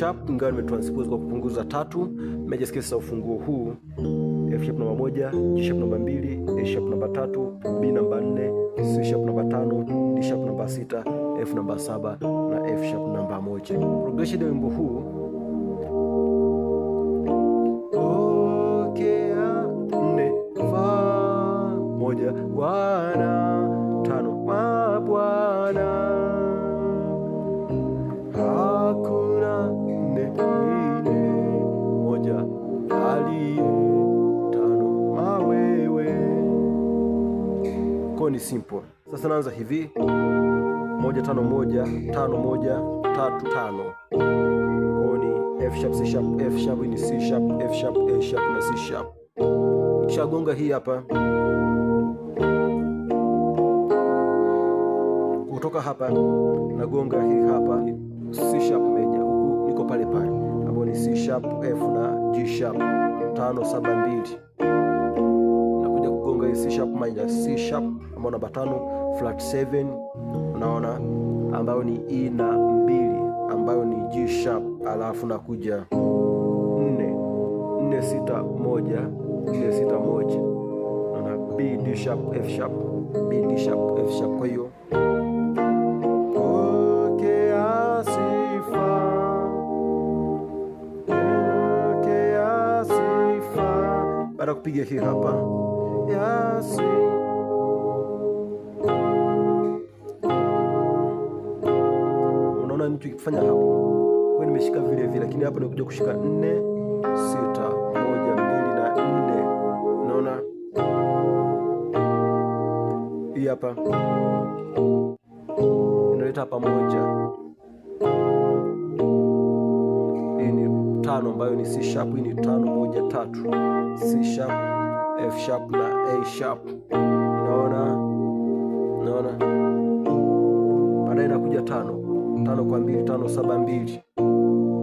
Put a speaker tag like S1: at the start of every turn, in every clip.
S1: sharp ingawa nimetranspose kwa kupunguza tatu. Major scales za ufunguo huu F sharp namba moja, G sharp namba mbili, A sharp namba tatu, B namba nne, C sharp namba tano, D sharp namba sita, F namba saba na F sharp namba moja. Progression ya wimbo huu ni simple. Sasa naanza hivi moja tano moja tano moja tatu tano ni F sharp C sharp F sharp ni C sharp F sharp A sharp na C sharp. Kishagonga hii hapa kutoka hapa nagonga hii hapa C sharp meja, huku niko pale pale ambapo ni C sharp F na G sharp tano saba mbili hiyo C sharp minor C sharp ambayo namba tano, flat 7 unaona, ambayo ni E na mbili ambayo ni G sharp, alafu nakuja nne nne sita moja nne sita moja na B D sharp F sharp B D sharp F sharp, kwa hiyo baada kupiga hii hapa Unaona mtu ikifanya hapo, wewe nimeshika vile vile, lakini hapa nimekuja kushika nne sita moja mbili na nne. Unaona hii hapa inaleta pamoja hii ni tano ambayo ni C sharp. Hii ni tano moja tatu C sharp F sharp na A sharp. Unaona, unaona, baadaye inakuja tano tano kwa mbili, tano saba mbili mm.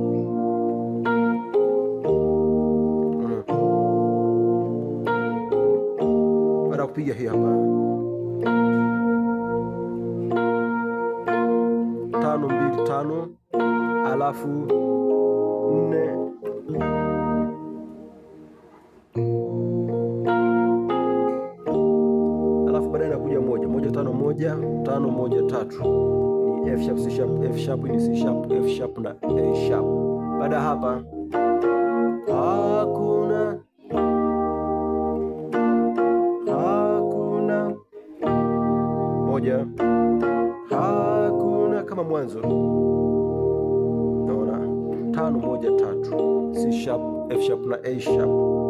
S1: Baada ya kupiga hii hapa tano mbili tano, alafu nne moja tano moja tatu ni F sharp, C sharp, F sharp ni C sharp, F sharp na A sharp. Baada hapa
S2: hakuna hakuna moja hakuna kama mwanzo,
S1: naona tano moja tatu C sharp, F sharp na A sharp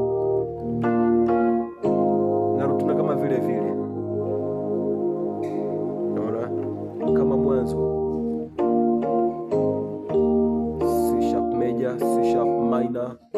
S1: Linda.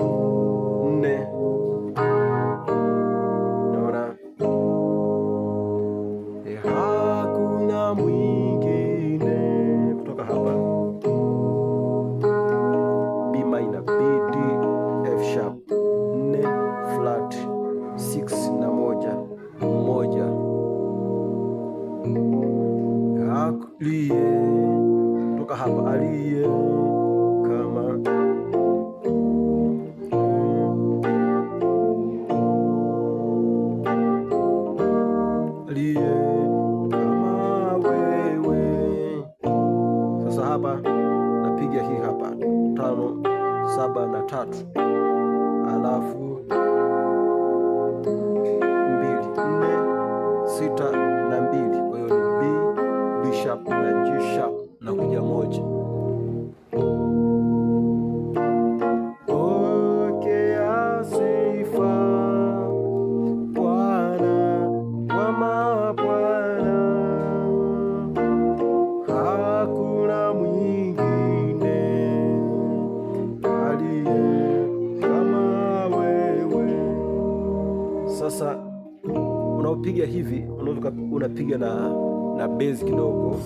S1: saba na tatu alafu mbili nne sita na mbili. Kwa hiyo ni B, B sharp na G sharp na kuja moja. ukipiga hivi unapiga na, na bezi kidogo.